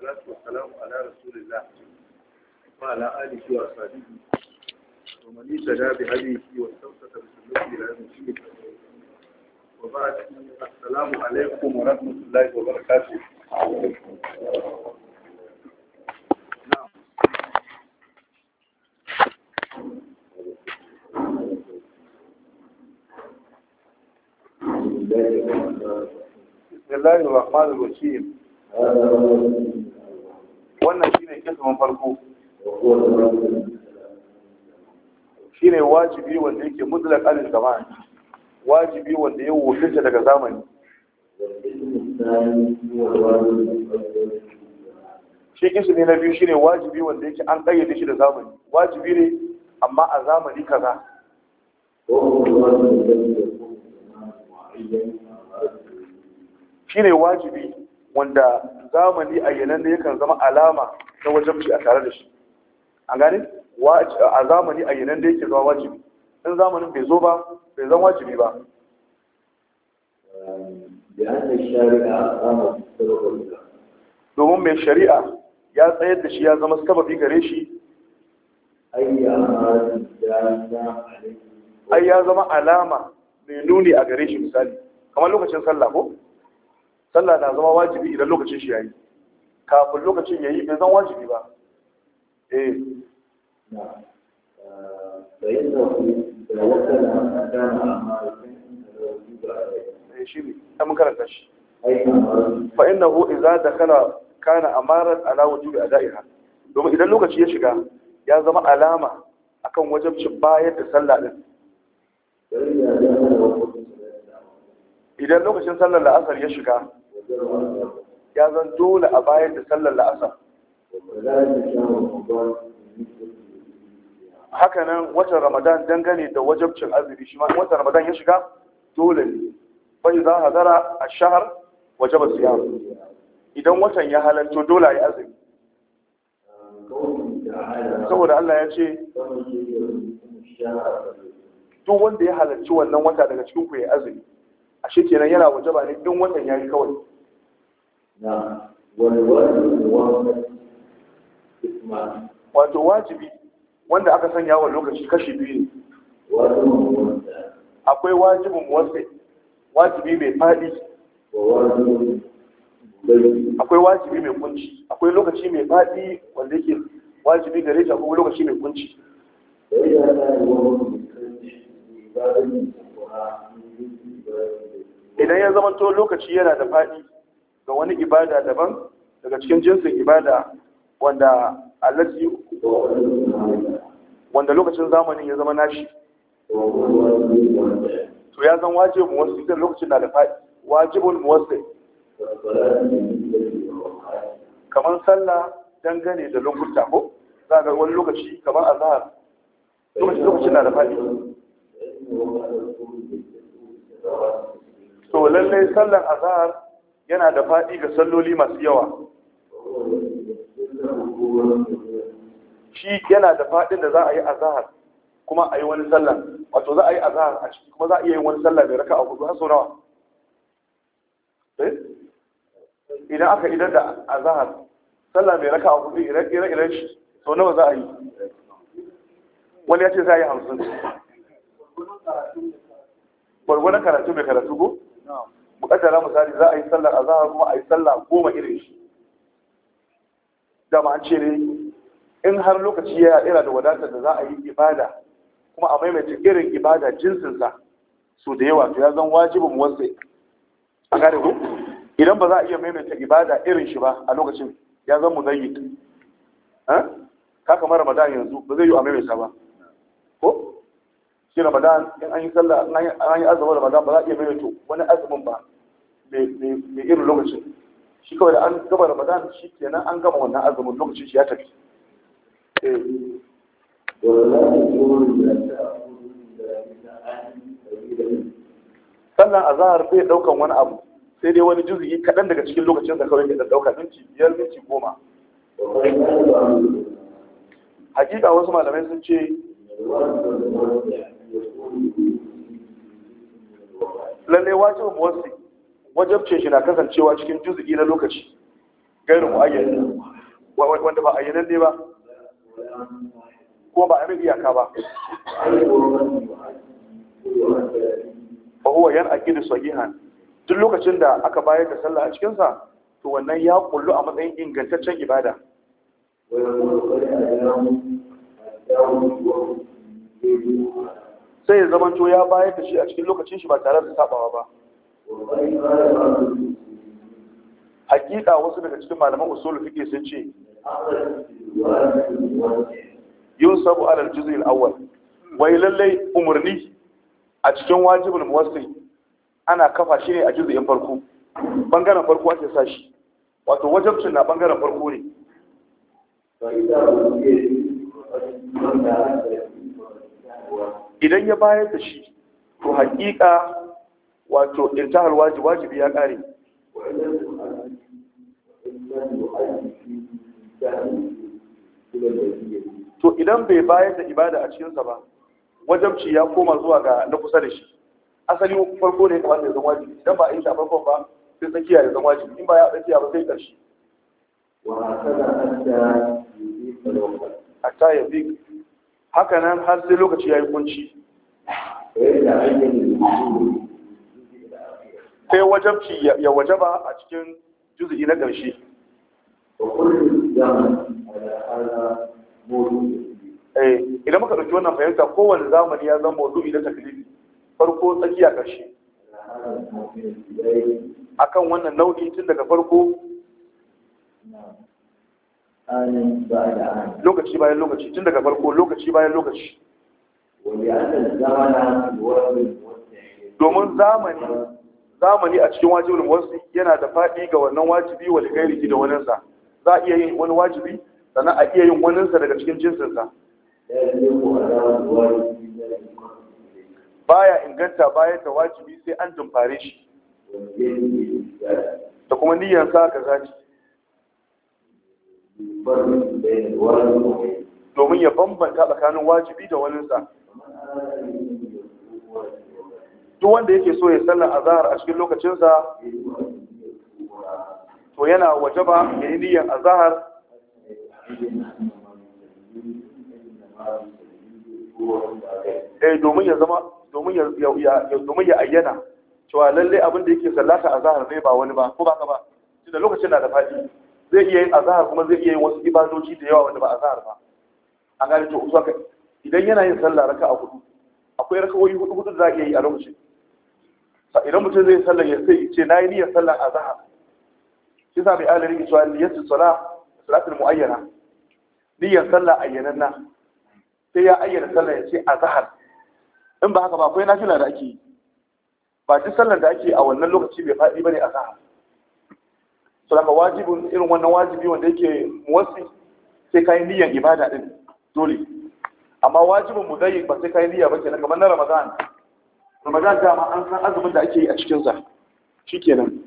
salatu wassalamu ala rasulillah wa ala alihi wa sahbihi wa man ittaba bi hadihi wa istawsaka bi sunnati ila yawm al-qiyamah wa ba'd assalamu alaikum wa rahmatullahi wa barakatuh بسم الله الرحمن الرحيم wannan shine kisan farko Shi ne wajibi wanda yake mutula ƙarin zaman wajibi wanda ya wuce daga zamani shi ne na biyu shine wajibi wanda yake an kayyade shi da zamani wajibi ne amma a zamani kaza ne wajibi wanda zamani a yanar ne yakan zama alama na wajabci a tare da shi an gane a zamani a yanar da yake zama wajibi in zamanin bai zo ba bai zama wajibi ba domin mai shari'a ya tsayar da shi ya zama sababi gare shi ai ya zama alama mai nuni a gare shi misali kamar lokacin sallah ko sallah na zama wajibi idan lokacin shi yayi kafin lokacin yayi bai zan wajibi ba eh na eh, da yin da wata na dana amma da eh, shi ne ta mun karanta shi fa innahu idza dakala kana amaran ala wujubi adaiha domin idan lokaci ya shiga ya zama alama akan wajibcin bayar da sallah din idan lokacin sallar la'asar ya shiga ya zan dole a bayan da sallar la'asar hakanan watan ramadan dangane da wajabcin azumi shi ma watan ramadan ya shiga dole ne bai za a hadara a shahar wajabar siyar idan watan ya halarci, dole ya azumi saboda Allah ya ce duk wanda ya halarci wannan wata daga cikin ku ya azumi ashe kenan yana wajaba ne duk watan ya yi kawai wato wajibi wanda aka sanya wa lokaci kashi biyu ne akwai wajibin wasu wajibi mai faɗi akwai wajibi mai kunci akwai lokaci mai faɗi wanda yake wajibi gare shi akwai lokaci mai kunci idan ya zama to lokaci yana da faɗi ga wani ibada daban daga cikin jinsin ibada wanda allazi wanda lokacin zamanin ya zama nashi to ya zan wajibu wasu cikin lokacin da da faɗi wajibun wasu kamar sallah dangane da lokuta ko za ga wani lokaci kamar azahar, lokacin lokacin na da faɗi to lallai sallan azahar. yana da faɗi ga salloli masu yawa shi yana da faɗin da za a yi azahar kuma a yi wani sallan wato za a yi azahar a ciki kuma za a iya yin wani sallan mai raka a hudu har sau nawa eh? idan aka idan da azahar sallan mai raka a hudu ire-iren shi sau nawa za a yi wani ya ce za a yi hamsin gwargwadon karatu mai karatu ko? ku kaddara misali za a yi sallar azhar kuma a yi sallah goma irin shi dama an ce ne in har lokaci ya yana da wadatar da za a yi ibada kuma a maimaita irin ibada jinsinsa su da yawa to ya zan wajibin wasu a gane ku idan ba za a iya maimaita ibada irin shi ba a lokacin ya zan mu zayyi ka kamar ramadan yanzu ba zai yi a maimaita ba ko shi ramadan in an yi sallah an yi azumin ramadan ba za a iya maimaita wani azumin ba mai irin lokacin shi kawai da an gaba ramadan shi kenan an gama wannan azumin lokacin shi ya tafi sannan a zahar bai daukan wani abu sai dai wani juzuyi kaɗan daga cikin lokacin da kawai ke ɗauka minti biyar minti goma hakika wasu malamai sun ce lalle wajibin wasu wajabce shi na kasancewa cikin juzu'i na lokaci gairu mu'ayyan wanda ba ayyanan ne ba Kuma ba a mai iyaka ba fa huwa yan aqidu sahihan duk lokacin da aka bayar da sallah a cikin sa to wannan ya kullu a matsayin ingantaccen ibada sai ya zamanto ya bayar da shi a cikin lokacin shi ba tare da sabawa ba hakika wasu daga cikin malaman usul fiqh sun ce yusabu ala al-juz' al-awwal wai lallai umarni a cikin wajibul muwassil ana kafa shi ne a juz'in farko bangaren farko ake sa shi wato wajibcin na bangaren farko ne idan ya bayar da shi to hakika wato intahar wajib wajibi ya kare to idan bai bayar da ibada a cikinsa ba wajabci ya koma zuwa ga na kusa da shi asali farko ne ya kamata zama wajibi idan ba a yi shi a farkon ba sai tsakiya ya zama wajibi in ba ya tsakiya ba sai ƙarshe a ta yabi haka nan har sai lokaci ya yi kunci sai wajabci ya wajaba a cikin juzu'i na ƙarshe eh, idan muka ɗauki wannan fahimta kowane zamani ya zama maudu'i na taklifi farko tsakiya ƙarshe akan wannan nau'i tun daga farko lokaci bayan lokaci tun daga farko lokaci bayan lokaci domin zamani zamani a cikin wajibul wasu yana da faɗi ga wannan wajibi wa lighairihi da waninsa za a iya yin wani wajibi sannan a iya yin sa daga cikin jinsinsa baya inganta bayan da wajibi sai an dumfare shi da kuma niyyar sa ka zaci domin ya bambanta tsakanin wajibi da waninsa duk wanda yake so ya sallar azahar a cikin lokacinsa to yana waje ba ya yi niyyar azahar eh, domin ya zama domin ya ayyana cewa lalle abin da yake sallata azahar zai ba wani ba ko ba ka ba shi da lokacin na da faɗi zai iya yin azahar kuma zai iya yin wasu ibadoci da yawa wanda ba azahar ba a gane to idan yana yin sallah raka a hudu akwai rakawoyi hudu hudu da za a iya yi a lokacin idan mutum zai sallar ya sai ce na yi niyyar salla a zahar shi sa mai alari isuwa niyyarsu sala salatul mu'ayyana niyyar sallar ayyanan na sai ya ayyana sallar ya ce a zahar in ba haka ba kai nafila da ake yi ba duk sallar da ake a wannan lokaci bai faɗi ba ne a zahar sulaka wajibin irin wannan wajibi wanda yake muwassi sai ka yi niyyar ibada din dole amma wajibin mu zai ba sai ka yi niyya ba kenan kamar na ramadan ramadan dama an san azumin da ake yi a cikinsa shi kenan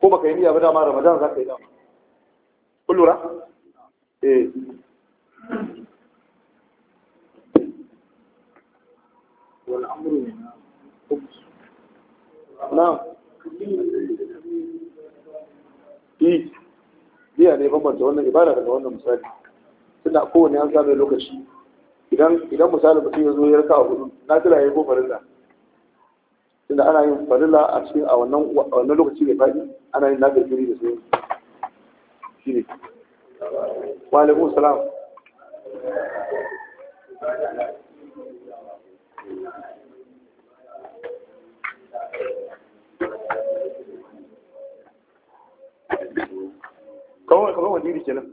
ko baka yi niyyar dama ramadan za ka yi dama kun lura? eh e, biya ne bambanta wannan ibada daga wannan misali suna kowane an samun lokaci idan misali mutum ya zo ya raka a hudu na tilaye ko farin da tunda ana yin farilla a cikin a wannan lokaci mai faɗi ana yin nafil fili da sauran shi ne wa alaikum salam kawai kawai wani iri kenan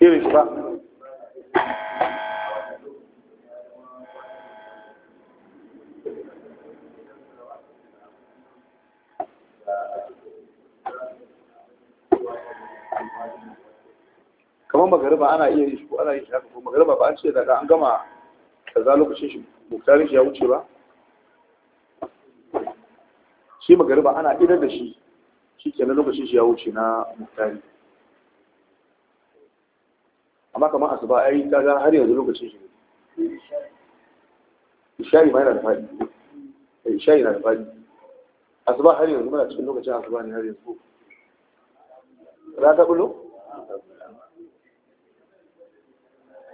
irin shi ba kamar magariba ana iya yi ko ana yi shi haka ko magariba ba an ce daga an gama kaza lokacin shi muktarin shi ya wuce ba shi magariba ana idar da shi shi ke na lokacin shi ya wuce na muktari amma kamar asuba ai ta ga har yanzu lokacin shi ishari ma yana da faɗi eh, ishari na da faɗi asuba har yanzu muna cikin lokacin asuba ne har yanzu ra ta bulo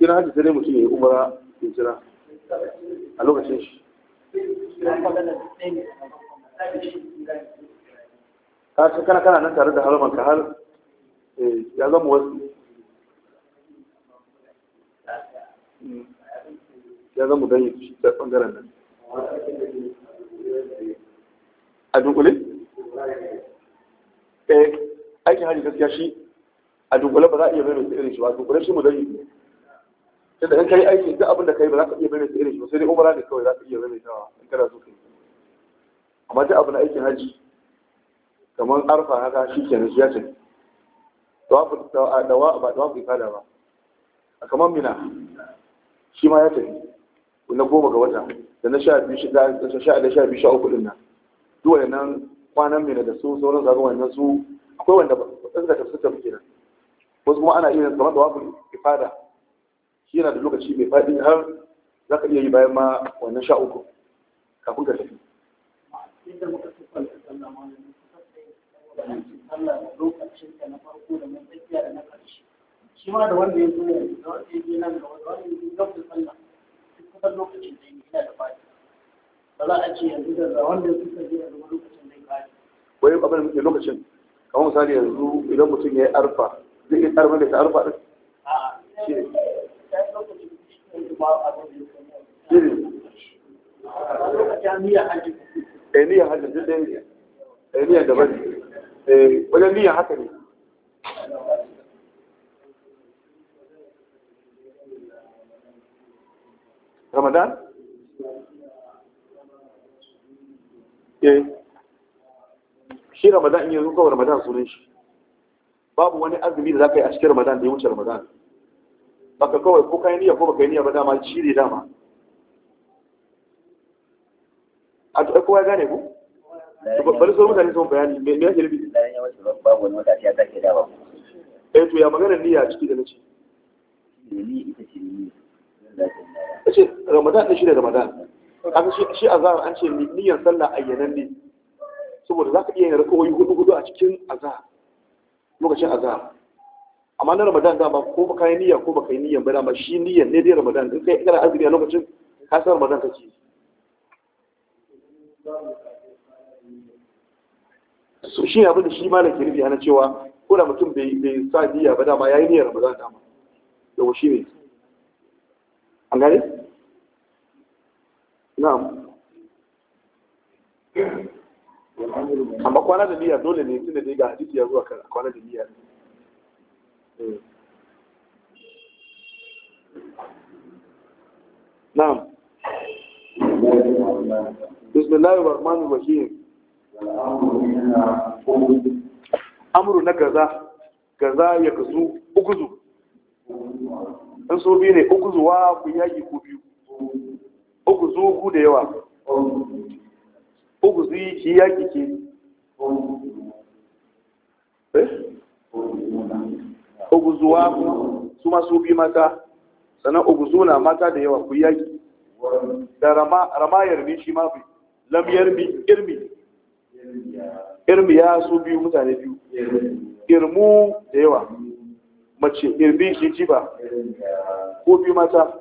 kira hajji sai dai mutum ya yi umara ya jira a lokacin shi ka ce kana kana nan tare da haramanka har eh, ya zama wasu ya zama don yi da ɓangaren nan a dunkule? eh aikin hajji gaskiya shi a dunkule ba za a iya mai mai irin shi ba dunkule shi mu don yi tunda in kai aiki duk abin da kai ba za ka iya bane irin shi sai dai umara ne kawai za ka iya bane tawa in kana so kai amma duk abin aikin haji kamar arfa haka shi kenan shi ya ce tawafu dawa ba tawafu ifada ba a kamar mina shi ma ya tafi na goma ga wata da na sha biyu sha da sha sha biyu uku din nan duk wannan kwanan mina da su sauran zagon wannan su akwai wanda suka tafi suka tafi kenan wasu kuma ana iya kamar tawafu ifada shi yana da lokaci mai faɗi har za ka iya yi bayan ma wannan sha uku kafin ka tafi shi da wanda ya zo ya da ya da ya sallah kusan lokacin da a ce da wanda suka lokacin ya wai abin da muke lokacin kamar misali yanzu idan mutum ya yi arfa zai iya arfa da ta arfa Eh, niyan hajji eh, eh, haka ne ramadan? shi ramadan in yanzu kawai ramadan sunan shi babu wani azumi da za ka yi a cikin ramadan da ya wuce ramadan baka kawai ko kai niyya ko baka niyya ba dama shi ne dama a to kowa gane ku bari sauran mutane sun bayani me me yake rubi babu wani eh to ya magana niyya a ciki da nace ni ce ramadan ne shi da ramadan aka ce shi azhar an ce niyyar sallah ayyanan ne saboda za ka iya yin rakawoyi hudu hudu a cikin azhar lokacin azhar amma na ramadan dama ko baka yi niyya ko baka yi niyya ba dama shi niyyan ne dai ramadan in kai kana azumi a lokacin ka san ramadan kake yi so shi abin da shi malam ke nufi ana cewa ko da mutum bai bai sa niyya ba dama yayi niyyar ramadan dama yawa shi ne an gane na'am amma kwana da niyya dole ne tunda dai ga hadisi ya zuwa kwana da niyya نعم بسم الله الرحمن الرحيم amuru na gaza gaza ya gazu uguzu in so biyu ne uguzu wa ku yaki ku biyu uguzu ku da yawa uguzu ki yaki ke eh uguzuwa su ma su bi mata sannan uguzuna mata da yawa ku yaki da rama rama yarmi shi ma bi lam yarmi irmi irmi ya su biyu mutane biyu irmu da yawa mace irbi shi ba. ko bi mata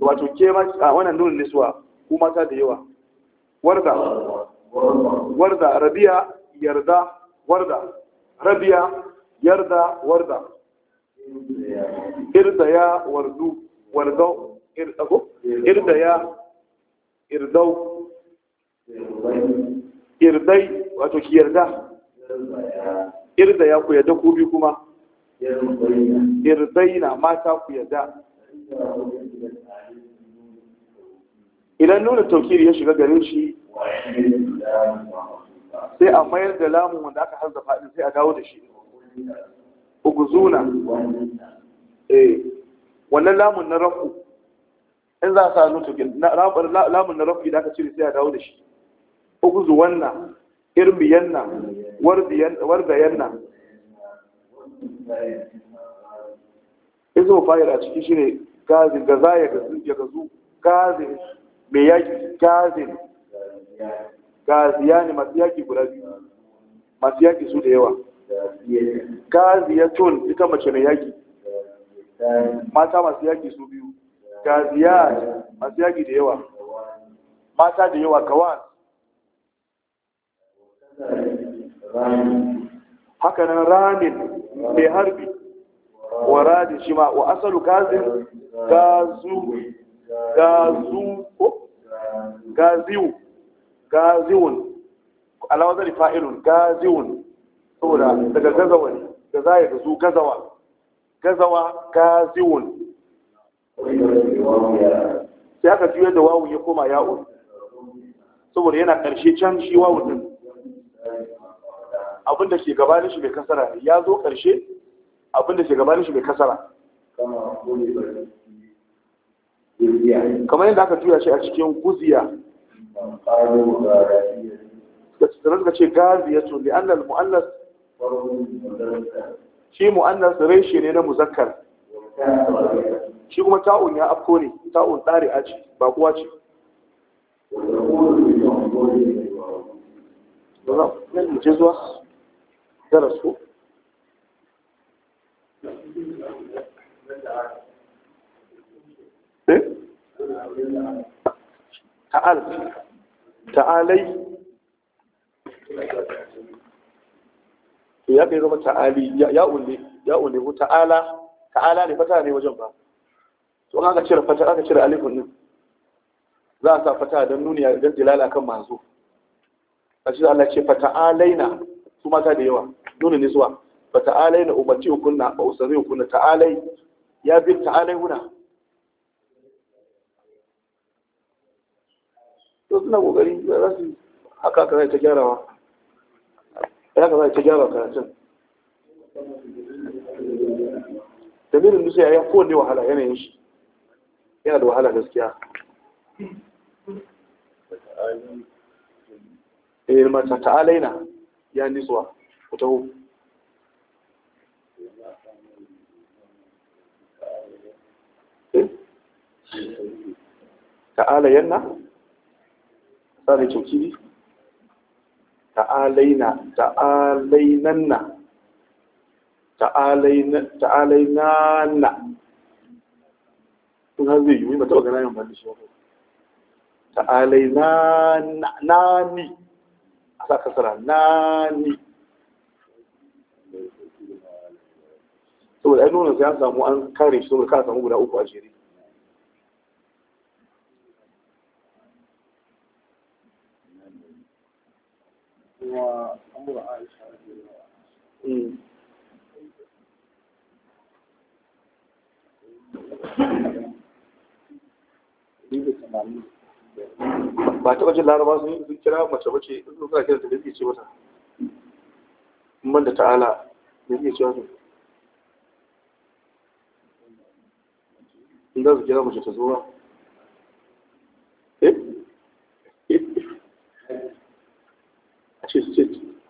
wato ke a wannan nunin nisuwa ko mata da yawa warda warda Rabi'a, yarda warda Rabi'a. yarda warda irda ya wardu wardau irdago irda ya irdau irdai wato ki yarda irda ya ku yarda ku bi kuma na mata ku yarda idan nuna taukiri ya shiga garin shi sai a mayar da lamun wanda aka hanzafa din sai a dawo da shi uguzuna eh wannan lamun na rafu in za a sa nutu lamun na rafu idan aka cire sai a dawo da shi uguzu wannan irbiyanna warbayanna izo fayar a cikin shine gazin gaza ya gazu ya gazu gazin mai yaki gazin gaziya ne masu yaki guda biyu masu yaki su da yawa gaziyatun ita mace mai yaki mata masu yaki su biyu gaziya masu yaki da yawa mata da yawa kawan hakanan ramin mai harbi wa radin shi ma wa asalu gazin gazu gazu ko gaziwu gaziwun alawazari fa’irun gaziwun saboda daga gazawa ne da za ya gazu gazawa gazawa ziwun sai aka juyar da wawu ya koma ya'un saboda yana ƙarshe can shi wawun din abinda ke gabanin shi mai kasara ya zo ƙarshe abinda ke gabanin shi mai kasara kamar yadda aka juya shi a cikin guziya da suka ce gaziya to li'annal mu'allas shi mu'annas shi ne na muzakkar shi kuma ta'un ya afko ne ta'un tsari a ce ba kuwa ce zuwa eh? ta'al ta'alai to ya kai zama ta'ali ya ulle ya ulle ko ta'ala ta'ala ne fata ne wajen ba to aka cire fata aka cire alifun din za a sa fata don nuni ya dan dilala kan manzo a cikin Allah ce fata alaina su mata da yawa nuni ne zuwa fata alaina ubati kunna ba usari kunna ta'alai ya bi ta'alai huna to suna kokari za su haka ka ta gyarawa ya kamata ita gyara karatun dalilin musu ya yi kowanne wahala yanayin shi yana da wahala gaskiya eh mata ta'alaina ya niswa ku taho eh? ta'ala yanna sa da kyaukiri ta'alaina ta'alainanna ta'alainanna in har zai yi ba taɓa gana yin bani shi a sa kasara nani saboda sai an samu an kare shi saboda ka samu guda uku a jere wa amur aisha ba ta wajen laraba sun yi sun kira mace wace in sun kira kira ta ce mata in da ta'ala da ce wata in za su kira mace ta zo ce ce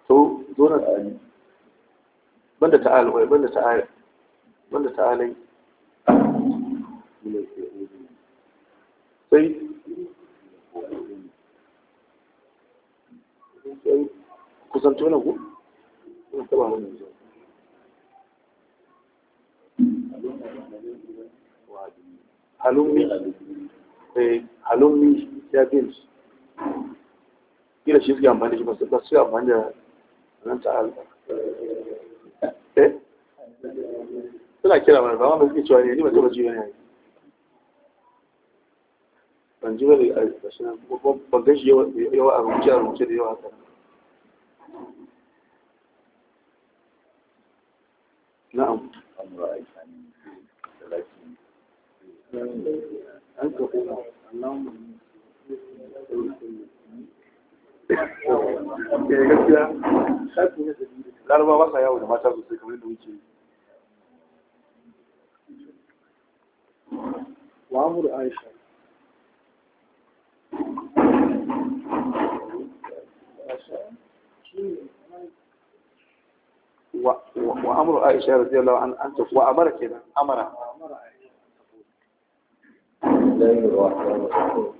to zo na da ali banda ta'al wai banda ta'al banda ta'alai sai sai kusanto na ku ina taba mun yanzu halummi eh, halummi ya bin kila shi suke amfani da shi ba su amfani da nan ta'ala eh suna kira mana ba wanda cewa ne ni ba taba ji ne ban ji wani a ƙarshen ban gan shi yawa a rubuce a rubuce da yawa haka na'am an ka kuma ya ba sa yawo da mata sosai kamar wa amur aisha wa amur aisha an amara amara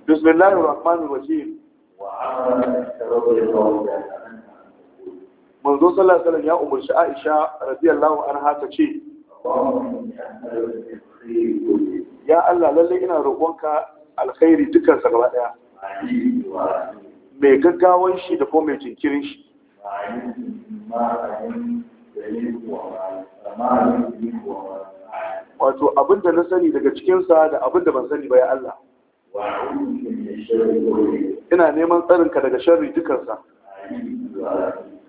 بسم الله الرحمن الرحيم manzo sallallahu alaihi wasallam ya umarci Aisha radiyallahu anha ta ce ya Allah lalle ina roƙonka alkhairi dukkan sa gaba daya mai gaggawan shi da kuma mai jinkirin shi wato abinda na sani daga cikinsa da abinda ban sani ba ya Allah ina neman tsarinka daga sharri dukansa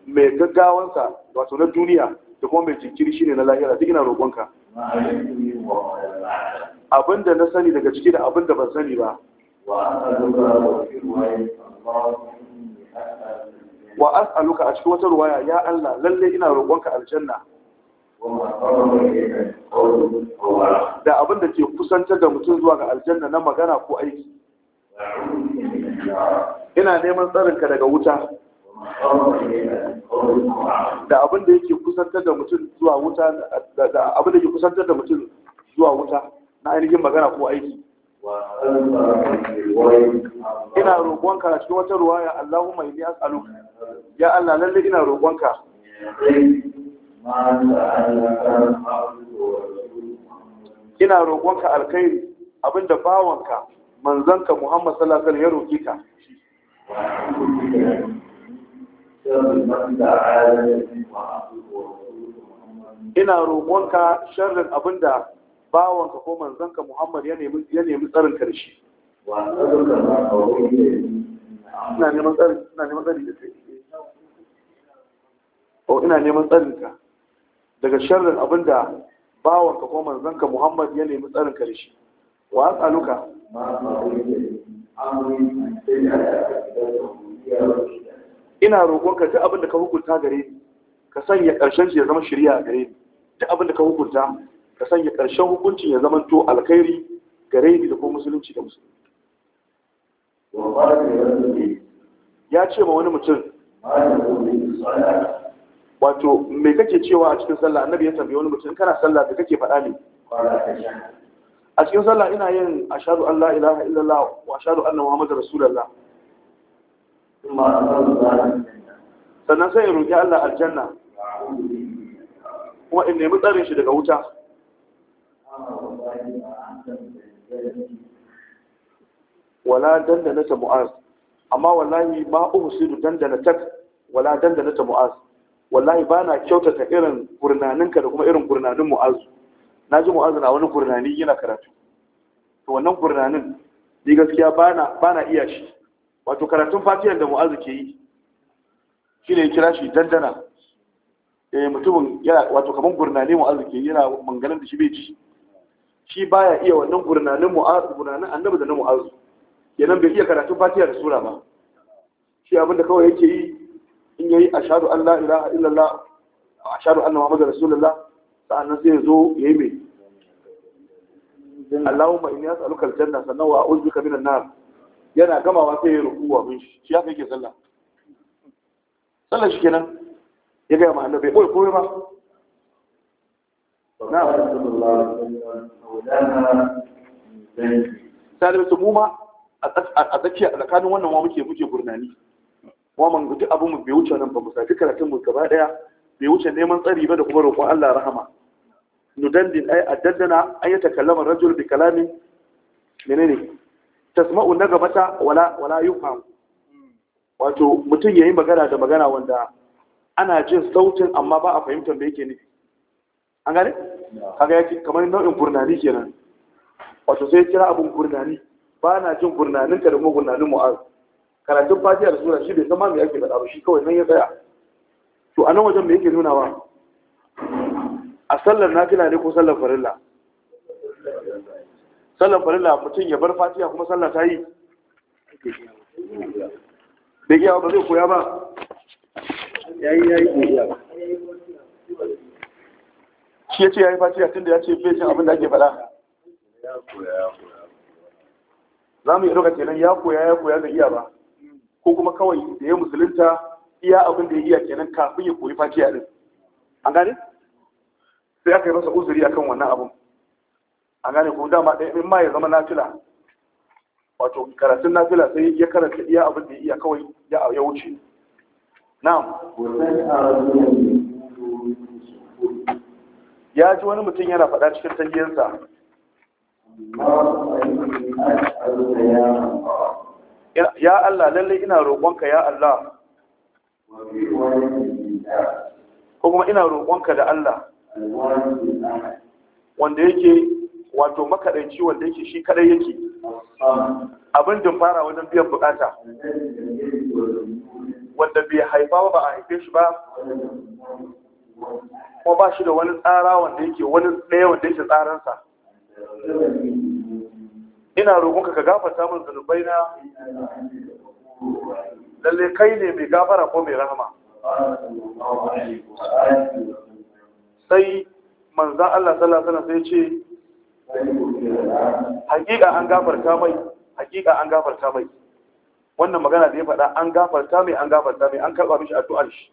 mai gaggawansa wato na duniya da kuma mai jinkiri shine na lahira duk ina roƙonka abinda na sani daga ciki da abinda ban sani ba wa as'aluka a cikin wata ruwaya ya Allah lalle ina roƙonka aljanna da abin da ke kusantar da mutum zuwa ga aljanna na magana ko aiki ina neman tsarinka daga wuta da abin da yake kusantar da mutum zuwa wuta da abin da ke kusantar da mutum zuwa wuta na ainihin magana ko aiki ina roƙonka cikin wata ruwaya Allahumma inni as'aluka ya Allah lalle ina roƙonka ina roƙonka alkhairi abinda bawanka manzanka Muhammad sallallahu alaihi wasallam ya roƙi ka ina roƙonka sharrin abinda bawanka ko manzanka Muhammad ya nemi ya nemi tsarin karshe ina neman tsarin ina neman oh, ina neman tsarin ka daga sharrin abin da ka ko ka Muhammad ya nemi tsarin kare da shi wa as'aluka ina ka duk abin da ka hukunta gare ni ka sanya ƙarshen shi ya zama shari'a gare ni duk abin da ka hukunta ka sanya ƙarshen hukuncin ya zama to alkhairi gare ni da ko musulunci da musulunci ya ce ma wani mutum wato me kake cewa a cikin sallah annabi ya tambaye wani mutum kana sallah da kake faɗa ne a cikin sallah ina yin ashadu an la ilaha illallah wa ashadu anna muhammadar Rasulallah. sannan sai in roƙi Allah aljanna kuma in nemi tsarin shi daga wuta wala dandana ta mu'az amma wallahi ma uhsidu dandana tak wala dandana ta mu'az wallahi ba na kyautata irin gurnaninka da kuma irin gurnanin mu'azu na ji mu'azu na wani gurnani yana karatu to wannan gurnanin ni gaskiya ba na iya shi wato karatun fatiyar da mu'azu ke yi shi ne kira shi dandana eh mutumin yana wato kaman gurnani mu'azu ke yana manganin da shi bai ji shi baya iya wannan gurnanin mu'azu gurnanin annabi da na mu'azu kenan bai iya karatun fatiyar da sura ba shi abinda kawai yake yi in yayi ashhadu an la ilaha illallah ashhadu anna muhammadar rasulullah sa'annan sai zo yayi mai Allahumma inni as'aluka aljanna sannan wa a'udhuka minan nar yana gamawa sai ya rukuwa min shi shi haka yake sallah sallah shi kenan ya ga ma annabi oi koyi ba na'am sallallahu alaihi wasallam mu ma a tsakiya tsakanin wannan ma muke muke gurnani kuma mun abin mu bai wuce nan ba mu saki karatun mu gaba daya bai wuce neman tsari ba da kuma roƙon Allah rahama nudallin ay addadana ay yatakallama rajul bi kalami menene tasma'u nagabata wala wala yufham wato mutum yayin magana da magana wanda ana jin sautin amma ba a fahimtar ba yake nufi an gane kaga yake kamar nau'in gurnani kenan wato sai kira abun gurnani ba na jin gurnanin ka da kuma gurnanin mu'az karatun fatiyar da sura shi bai san ma me ake faɗa ba shi kawai nan ya tsaya to a nan wajen me yake nuna ba a sallar nafila ne ko sallar farilla sallar farilla mutum ya bar Fatiya kuma sallar ta yi da iya ba zai koya ba Ya yi yayi kiyawa. shi ya ce ya yi Fatiya tun da ya ce bai abin da ake faɗa za mu yi ɗauka kenan ya koya ya koya da iya ba ko kuma kawai da ya musulunta iya abin da ya iya kenan kafin ya koyi fatiha din an gane sai aka yi masa uzuri akan wannan abun an gane ko dama ɗaya in ma ya zama nafila wato karatun nafila sai ya karanta iya abin da ya iya kawai ya wuce na'am ya ji wani mutum yana faɗa cikin tangiyarsa ya Allah lalle ina roƙonka ya Allah ko kuma ina roƙonka da Allah wanda yake wato makaɗaici wanda yake shi kaɗai yake abin da fara wajen biyan bukata wanda bai haifa ba a haife shi ba kuma ba shi da wani tsara wanda yake wani ɗaya wanda yake tsaransa ina roƙonka ka gafarta min zunubai na lalle kai ne mai gafara ko mai rahama sai manzan Allah sallallahu sai ce hakika an gafarta mai hakika an gafarta mai wannan magana da ya faɗa an gafarta mai an gafarta mai an karɓa mishi addu'ar shi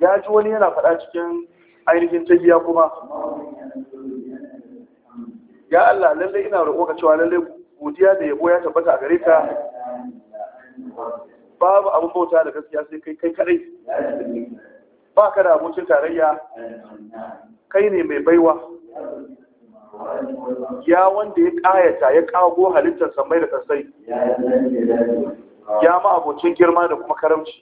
ya ji wani yana faɗa cikin ainihin tagiya kuma ya Allah lallai ina ka cewa lallai, godiya da yabo ya tabbata a gare ka babu abin bauta da gaskiya sai kai kai kadai ba ka da abokin tarayya kai ne mai baiwa ya wanda ya ƙayata ya ƙago halittar samai da sassai. ya ma abincin girma da kuma karamci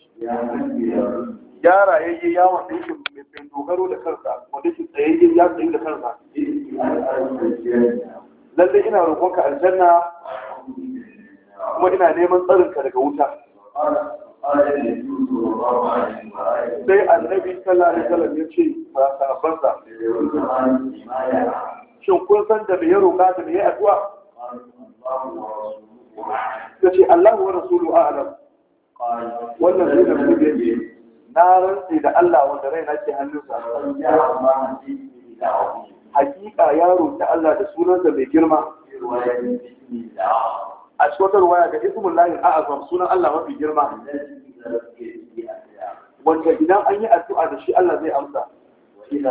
ya rayayye ya wanda yake mai dogaro da kansa wanda yake tsayayyen ya tsayi da kansa Lallai ina roƙonka aljanna kuma ina neman tsarinka daga wuta sai annabi sallallahu alaihi wasallam ya ce ba banza. shin kun san da me ya roƙa da me ya addu'a ya ce Allahu wa rasulu a'lam wannan zai da mu na rantsi da Allah wanda raina ke hannunsa hakika ya roƙi Allah da sunansa mai girma a cikin waya da ismun layin a'azam sunan Allah mafi girma wanda idan an yi addu'a da shi Allah zai amsa in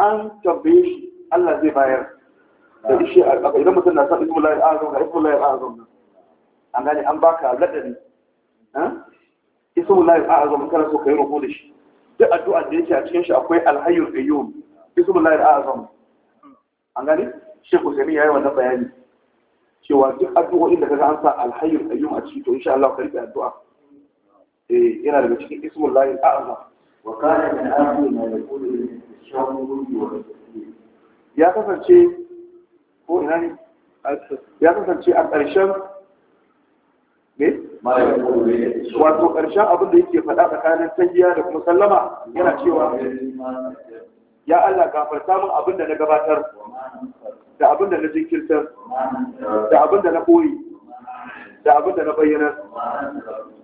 an tambaye shi Allah zai bayar da shi a kafa idan mutum na san ismun layin a'azam da ismun layin a'azam an gane an baka ladari ismun layin a'azam kana so ka yi roƙo da shi duk addu'a da yake a cikin shi akwai alhayyul qayyum ismullahi al'azam an gani shekul sami ya yi wannan bayani cewa duk addu'o'in da kaga an sa alhayyul qayyum a ciki to insha Allah ka rike addu'a eh yana daga cikin ismullahi al'azam wa kana min ahli ma yaqulu ya kasance ko ina ne ya kasance a ƙarshen ne wato ƙarshen abin da yake faɗa tsakanin tajiya da kuma sallama yana cewa ya Allah gafarta min abin da na gabatar da abin da na jinkirtar da abin da na koyi da abin da na bayyana,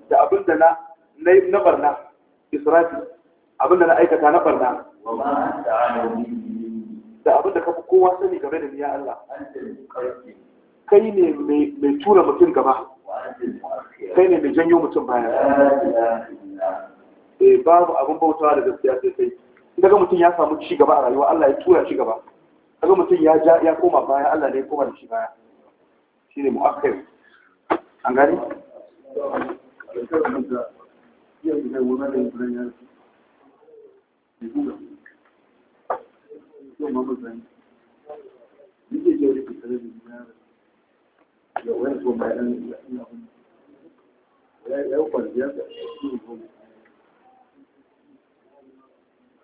da abin da na barna israfi abin da na aikata na barna da abin da kafa kowa sani game da ni ya Allah kai ne mai tura mutum gaba kai ne mai janyo mutum baya eh, babu abin bautawa da gaskiya sai sai daga mutum ya samu ci gaba a rayuwa Allah ya tura ci gaba daga mutum ya ja ya koma baya Allah ne ya koma da shi baya shine muakkar an gani ya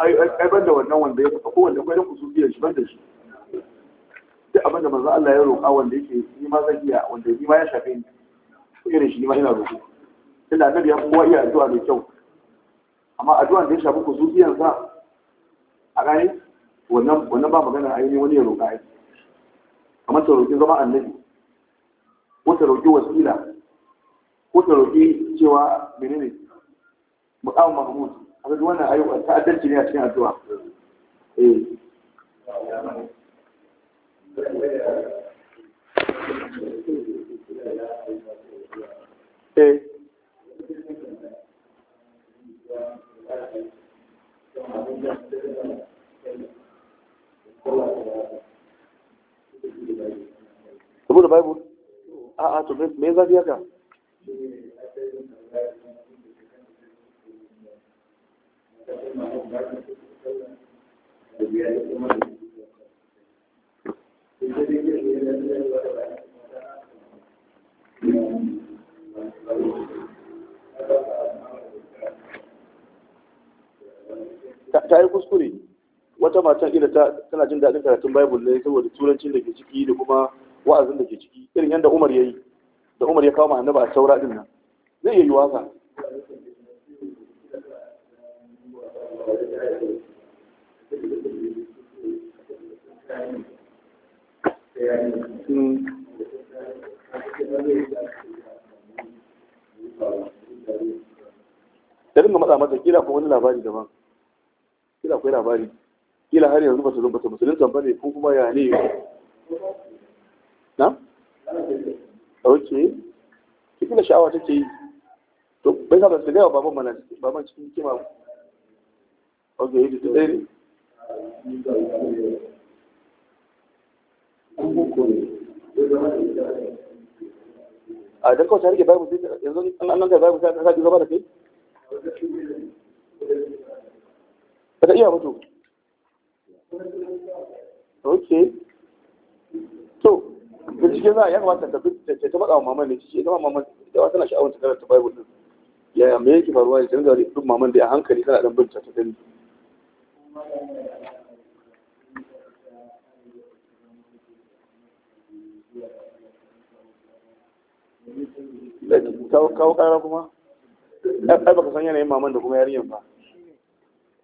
ai ban da wannan wanda ya ko wanda fita kowanne kwanan kusurfiyar shi ban da shi duk abin da manzo Allah ya roƙa wanda yake ni ma zan iya wanda ni ma ya shafe ni irin shi ni ma ina roƙo inda annabi ya kowa iya addu'a mai kyau amma addu'a da ya shafi kusurfiyar sa a gani wannan ba magana ainihin wani ya roƙa aiki kamar ta roƙi zama annabi ko ta roƙi wasila ko ta roƙi cewa menene muƙamin mahmud haka duk wannan ayyuka ta'addanci ne a cikin addu'a eh. Eh. Thank you. saboda bible a a to me ta yi kuskure wata matan ta tana jin daɗin karatun bible ne saboda turancin da ke ciki da kuma wa'azin da ke ciki irin yadda umar ya yi da umar ya kawo ma annaba a saura din nan zai iya yi waka. da ringa matsa mata ko wani labari daban Kira ko labari kila har yanzu ba su musulunta ba ne ko kuma ya ne na? ok da sha'awa take yi to bai saba su gaya baban mana baban cikin kima ok yi da ɗaya ne a dan kawai ta bai musu yanzu an nan bai musu babu ta ta gaba da kai ba ta iya mutu ok to bincike za a ya kamata ta ta faɗa wa maman ne ce ita maman ita tana sha'awar ta karanta bible din Ya me yake faruwa ne tun da duk maman da ya hankali tana dan ta gani kawo kara kuma ai baka san yanayin maman da kuma yarinyar ba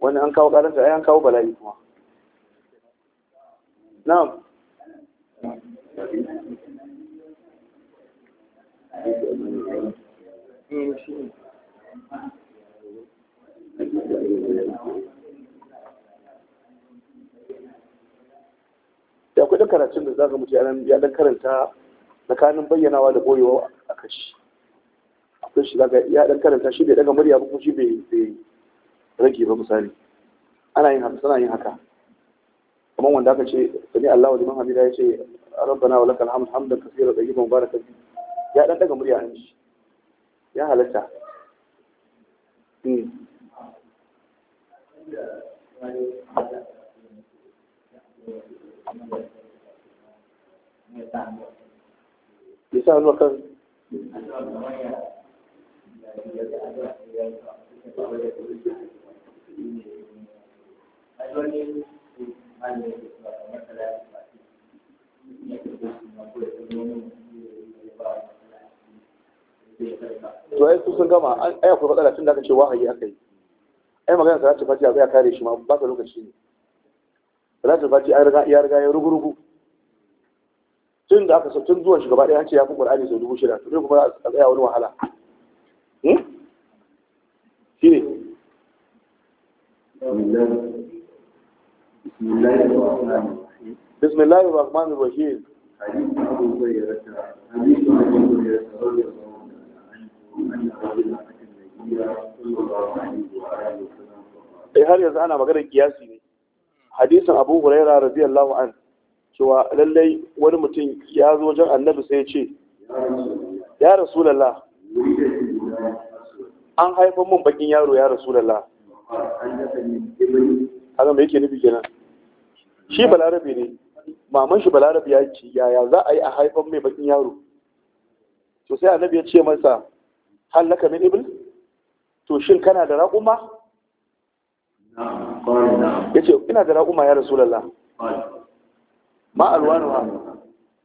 wani an kawo karanta ai an kawo bala'i kuma نعم da kuɗi karatun da za ka mutu ya ɗan karanta tsakanin bayyanawa da boyewa a kashi akwai shi zaka ya ɗan karanta shi bai daga murya ba ko shi bai rage ba misali ana yin haka ana yin haka kuma wanda aka ce sami Allah wa liman hamida yace rabbana wa lakal hamd hamdan kaseera tayyiban mubarakan fi ya dan daga murya an shi ya halatta Thank you. to ai sun gama ai akwai matsala tun da aka ce wahayi aka yi ai magana salatul fatiha zai kare shi ma ba ta lokaci ne salatul fatiha ya riga ya rugurugu tun da aka tun zuwan shugaba ɗaya ce ya fi qur'ani sau dubu shida to dai kuma a tsaya wani wahala hmm? shi ne بسم الله الرحمن الرحيم حديث أبو har yanzu ana maganar kiyasi ne hadisin abu huraira radiyallahu an cewa lallai wani mutum ya zo wajen annabi sai ce ya rasulallah an haifar mun bakin yaro ya rasulallah haka me yake nufi kenan shi balarabe ne maman shi balarabe ya ce yaya za a yi a haifan mai bakin yaro to sai annabi ya ce masa hallaka min ibn to shin kana da raƙuma ya ce ina da raƙuma ya rasulallah ma alwanuha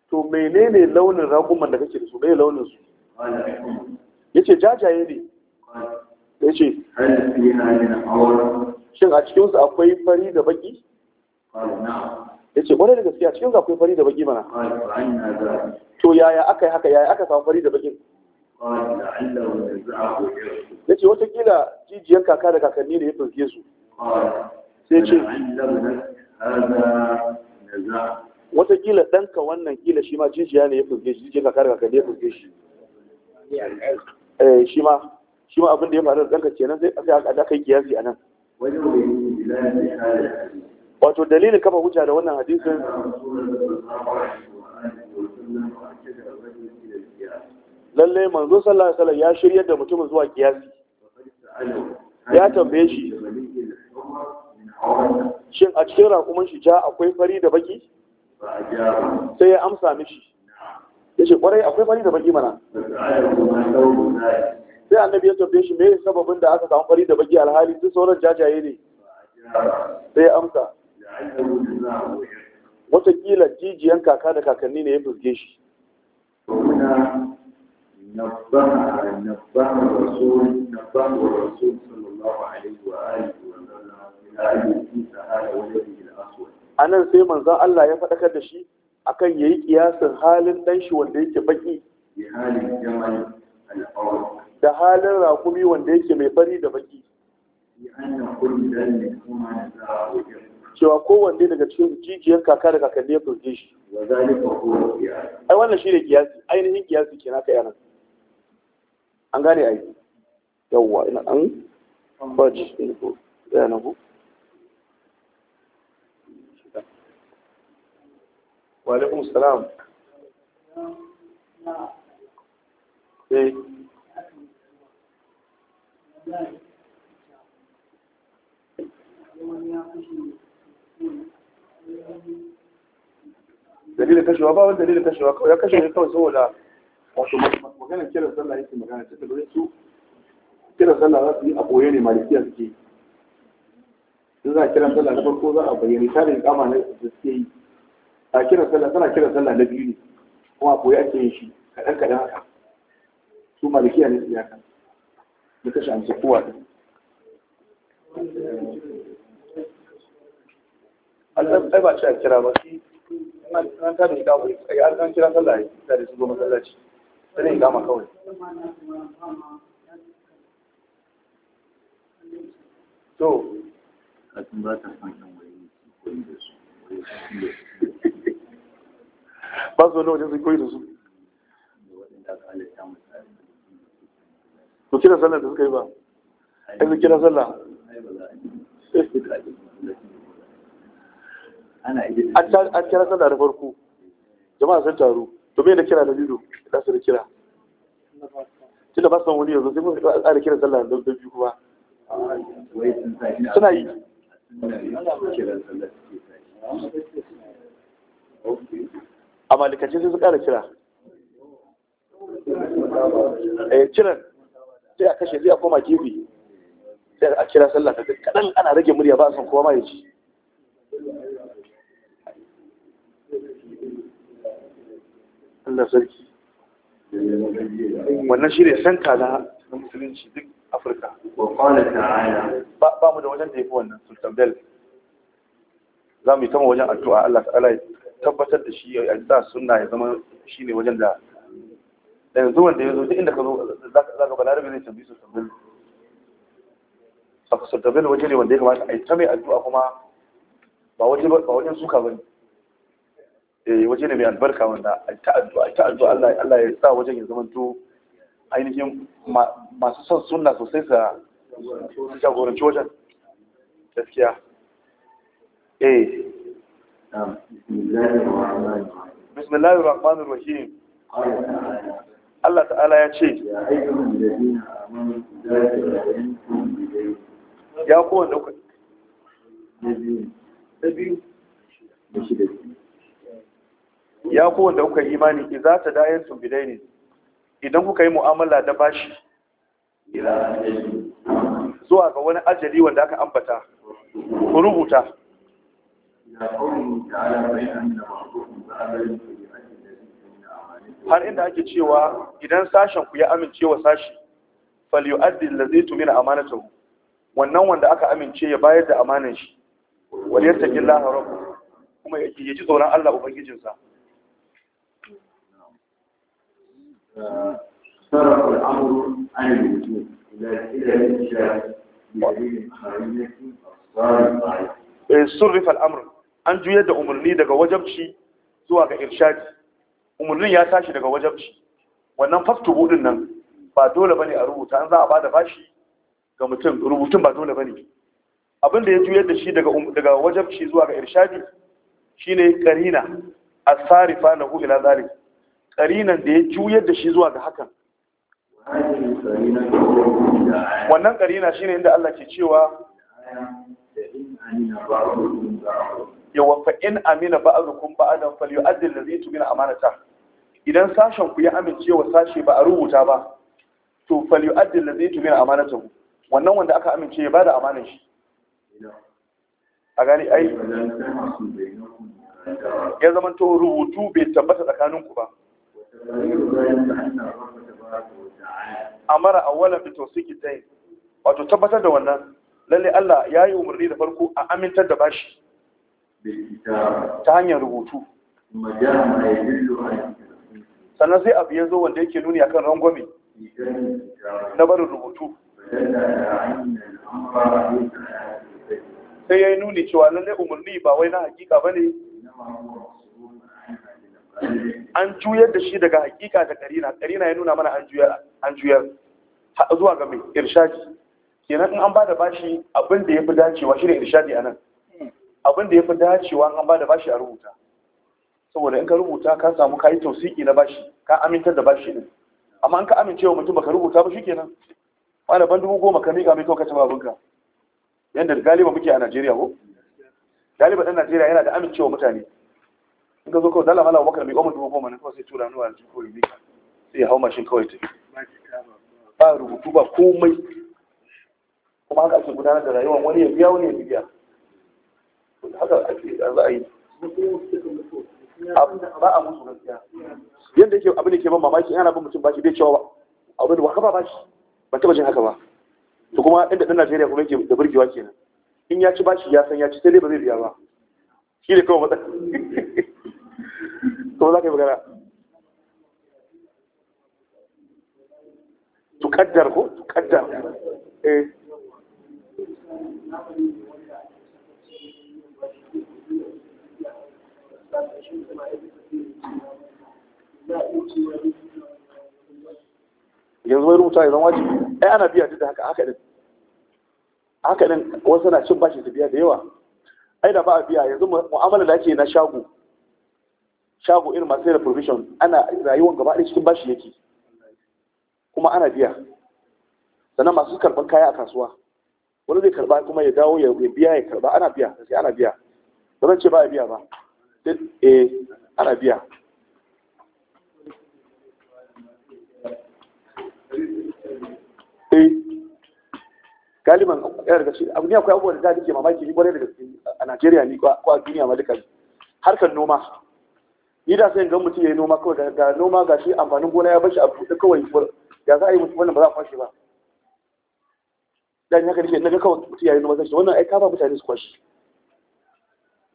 to menene launin raƙuman da kake da su bai launin su ya ce jajaye ne ya ce shin a cikinsu akwai fari da baki ya ce ƙwarai da gaskiya cikin akwai fari da baki mana to yaya aka yi haka yaya aka samu fari da bakin ya ce watakila jijiyar kaka da kakanni da ya turke su sai ce watakila ɗanka wannan kila shi ma jijiya ne ya turke shi jijiyar kaka da kakanni ya turke shi eh, shi ma shi ma abin da ya faru da ɗanka kenan sai aka yi kiyasi a nan wato dalilin kafa hujja da wannan hadisin lalle manzo sallallahu alaihi wasallam ya shiryar da mutumin zuwa kiyasi ya tambaye shi shin a cikin rakuman shi ja akwai fari da baki sai ya amsa mishi ya ce kwarai akwai fari da baki mana sai annabi ya tambaye shi me sababin da aka samu fari da baki alhali duk sauran jajaye ne sai ya amsa watakila jijiyan kaka da kakanni ne ya burge shi a nan sai manzan Allah ya faɗakar da shi akan yayi kiyasin halin ɗan shi wanda yake baƙi da halin rakumi wanda yake mai fari da baki cewa kowanne daga cikin jijiyar kaka da kakanni ya furge shi ai wannan shi ne kiyasi ainihin kiyasi ke naka yanar an gane ai yawwa ina an baji ne ko ya ko wa alaikum salam eh wani dalilin kashewa ba wani dalilin kashewa kawai ya kashe ne kawai saboda wato maganar kiran sallah yake magana ta tabbata su kiran sallah za su yi a boye ne malikiya suke yi za a kiran sallah na farko za a bayyana ta da ikama na da suke yi a kiran sallah tana kiran sallah na biyu ne kuma a boye ake yin shi kaɗan kaɗan haka su malikiya ne su yaka na kashe amsa kowa ɗin Allah ba shi a kira ba shi nan ta da shiga wuri an san kira sallah ya ta da shigo masallaci sai ne gama kawai to ba ta san kan wani su su koyi da su kira sallah da suka yi ba ai kira sallah an kira sallah da farko jama'a sun taru to bai da kira da biyu da su da kira tunda ba su san wani yanzu sai mun tsara kira sallah da biyu kuma suna yi a malikace sai su kara kira eh kiran sai a kashe sai a koma gefe sai a kira sallah kadan ana rage murya ba a san kowa ma ya ci Allah sarki wannan shi ne santa na musulunci duk afirka ba mu da wajen da ya fi wannan sultan bel za mu yi tama wajen addu'a Allah ta'ala ya tabbatar da shi ya sa suna ya zama shi ne wajen da da yanzu wanda ya zo duk inda ka zo za ka balarabe zai tambi sultan bel sultan bel waje ne wanda ya kamata a yi ta mai addu'a kuma ba wajen suka ba ne eh waje ne mai albarka wanda ta addu'a addu'a Allah ya sa wajen ya zama to ainihin masu son suna sosai sa su jagoranci wajen gaskiya eh bismillahir rahmanir rahim Allah ta'ala ya ce ya kowanne ku na biyu da shida ya ku wanda kuka imani ta idza bidai ne idan kuka yi mu'amala da bashi zuwa ga wani ajali wanda aka ambata ku rubuta har inda ake cewa idan sashen ku ya amince wa sashi falyu'addi allazi tumina amanatahu wannan wanda aka amince ya bayar da amanan shi wal yattaqillaha laharar. kuma ya ji tsoron Allah ubangijinsa فصرف الأمر عن الوجود إلى إلى الإنشاء بدليل محرمية الصارف صرف الأمر an juyar da umarni daga wajabci zuwa ga irshadi umarnin ya tashi daga wajabci wannan faftubu din nan ba dole bane a rubuta an za a bada bashi ga mutum rubutun ba dole bane abin da ya juyar da shi daga daga wajabci zuwa ga irshadi shine karina asarifa lahu ila zalik ƙarinan da ya juyar da shi zuwa ga hakan wannan ƙarina shi ne inda Allah ke cewa yawan fa'in amina ba a dan faliyo adil da zai tumina amanata idan sashen ku ya amince wa sashe ba a rubuta ba to adil da zai tumina amanata wannan wanda aka amince ya ba da amanin shi a gani ai ya zama to rubutu bai tabbata tsakaninku ba amara awwalan bi tawsiki wato tabbatar da wannan lalle Allah ya yi umarni da farko a amintar da bashi ta hanyar rubutu sannan sai abu ya zo wanda yake nuni kan rangwame na barin rubutu sai ya yi nuni cewa lalle umarni ba wai na hakika ba ne an juyar da shi daga hakika da karina karina ya nuna mana an juyar an juyar zuwa ga mai irshadi kenan in an bada bashi abin da yafi dacewa shine irshadi anan abin da yafi dacewa an bada bashi a rubuta saboda in ka rubuta ka samu kai tausiki na bashi ka amintar da bashi din amma an ka amincewa mutum baka rubuta ba shikenan wani ban dubu goma ka miƙa mai kawai ka taɓa abinka yadda galiba muke a najeriya ko galiba ɗan najeriya yana da amincewa mutane in ka zo kawai dala malawa bakar mai goma dubu goma ne kawai sai tura nuwa yanzu kawai mika sai ya hau mashin kawai tafi ba rubutu ba komai kuma haka ake gudanar da rayuwar wani ya biya wani ya biya haka ake za a yi ba a musu gaskiya yadda yake abin da ke ban mamaki yana bin mutum baki bai cewa ba. abin da ba ba bashi ba taba jin haka ba to kuma inda dan Najeriya kuma yake da burgewa kenan in ya ci bashi ya san ya ci sai dai ba zai biya ba shi ne kawai matsalar to za ka yi magana tukaddar ko tukaddar eh yanzu wai rubuta yanzu waje. ai ana biya duk da haka haka din haka din wasu na cin bashi da biya da yawa ai da ba a biya yanzu mu'amala da ake na shago shago irin masu da provision ana rayuwar gaba ɗaya cikin bashi yake kuma ana biya sannan masu karɓar kaya a kasuwa wani zai karɓa kuma ya dawo ya biya ya karɓa ana biya sai ana biya ba zan ce ba a biya ba eh ana biya eh galiban ya daga shi abu ne akwai abubuwan da za a ke mamaki ni kwarai daga gaske a najeriya ni ko a duniya ma duka harkar noma ni da sai ga mutum ya yi noma kawai ga noma ga shi amfanin gona ya bashi a buɗe kawai ya za a yi mutum wannan ba za a kwashe ba dan haka nake naga kawai mutum ya yi noma sai wannan ai kafa mutane su kwashe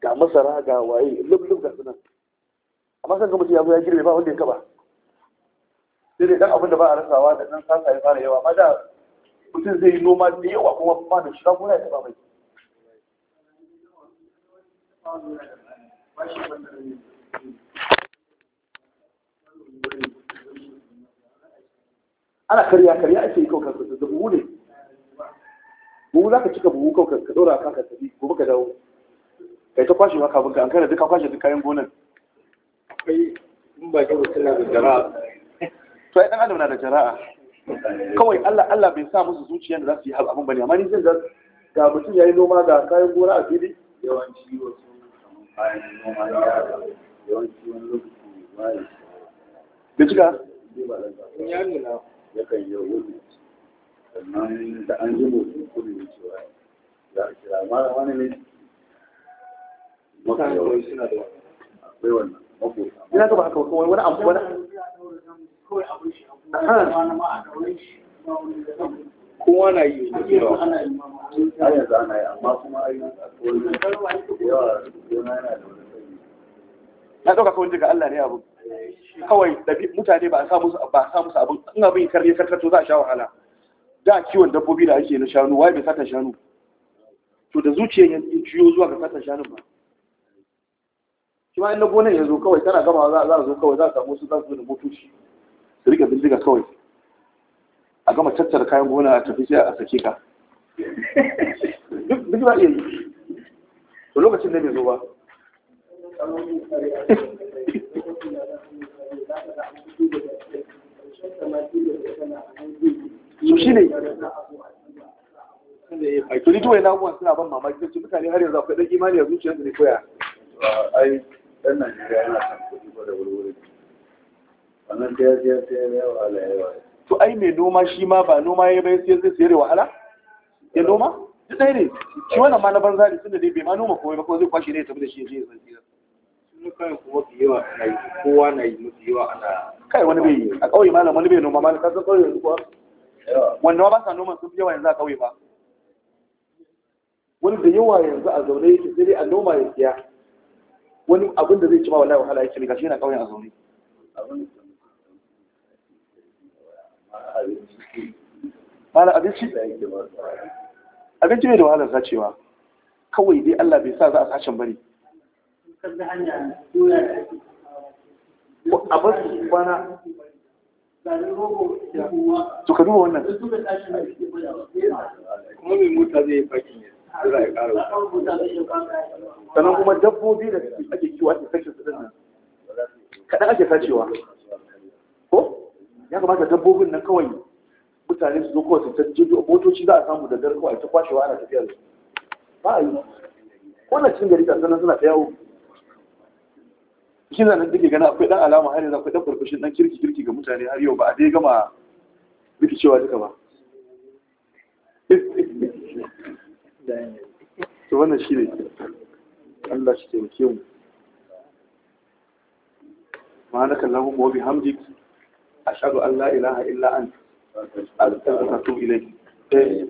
ga masara ga waye lublub ga sunan amma san ga mutum ya zo ya girbe ba wanda ya kaba sai dai dan abin da ba a rasawa da dan sasa ya fara yawa amma da mutum zai yi noma da yawa kuma ba da shiga gona ya taba mai Thank you. ana karya karya ake yi kawai da buhu ne buhu za ka cika buhu kawai ka ɗora kan ka bi, gobe ka dawo Ka yi ta kwashe maka kafin ka an kare duka kwashe duk kayan gonan akwai in ba kyau da jara'a to ai dan adam na da jara'a kawai Allah Allah bai sa musu zuciya da za su yi hal abin bane amma ni zan ga mutum yayi noma ga kayan gona a fili yawanci wasu kayan noma ya yawanci wani lokaci ba bai cika ya nuna ya kan yi wuri sannan da an ji motsi ko ne cewa za a kira mara wani ne mutane wani suna da akwai wannan makota ina ga ba haka kawai wani abu wani kawai abu shi abu kowa na yi da yawa ana yi amma kuma a yi a na ɗauka kawai daga Allah ne abu kawai mutane ba a samu sabon a musu abin in abin karne karkato za a sha wahala da kiwon dabbobi da ake na shanu waye bai sata shanu to da zuciyar ya ciyo zuwa ga sata shanun ba shi ma na gonan ya zo kawai tana gama za a zo kawai za a samu su za su da motoci su rika bindiga kawai a gama tattara kayan gona a tafi sai a sake ka duk ba iya yi to lokacin da bai zo ba shi ne a turi duwai na suna ban mamaki su mutane har yanzu a ne koya ai ɗan najeriya yana kuɗi ba da wannan ta ya wahala ya yawa to ai mai noma shi ma ba noma ya bai sai zai sayar da wahala ya noma duk ɗaya ne shi wannan ma na banza ne da dai bai ma noma komai ba kuma zai kwashe ne ya tafi da shi ya je ya kowa na yi musu yawa ana kai wani bai yi a ƙauye malam wani bai noma malam san ƙauye yanzu kuwa wanda ma ba sa noman sun fi yawa yanzu a ƙauye ba wani da yawa yanzu a zaune yake sai dai a noma ya siya wani abin da zai ci ma wallahi wahala ya ce gashi yana ƙauyen a zaune malam abinci abinci bai da wahalar zacewa? kawai dai Allah bai sa za a sacen bane a ba su kwana to ka duba wannan kuma mai mota zai yi fakin ya sannan kuma dabbobi da suke ake kiwo ake kashe su nan kaɗan ake sacewa ko ya kamata dabbobin nan kawai mutane su zo kawai su tajji motoci za a samu da dare, kawai ita kwashewa ana tafiya da su ba a yi ko na cikin gari ta sannan suna ta yawo kila nan take gana akwai dan alama har yanzu akwai dan farfashin dan kirki kirki ga mutane har yau ba a dai gama rikicewa duka ba to wannan shi ne Allah shi taimake mu kallon hamdi a وبحمدك أشهد أن illa إله إلا أنت أستغفرك ilai.